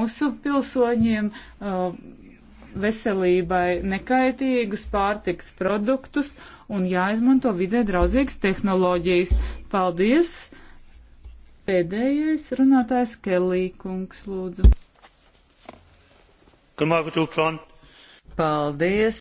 mūsu pilsoņiem uh, veselībai nekaitīgus pārtiks produktus un jāizmanto vidē draudzīgas tehnoloģijas. Paldies! Pēdējais runātājs Kelī kungs lūdzu. Paldies,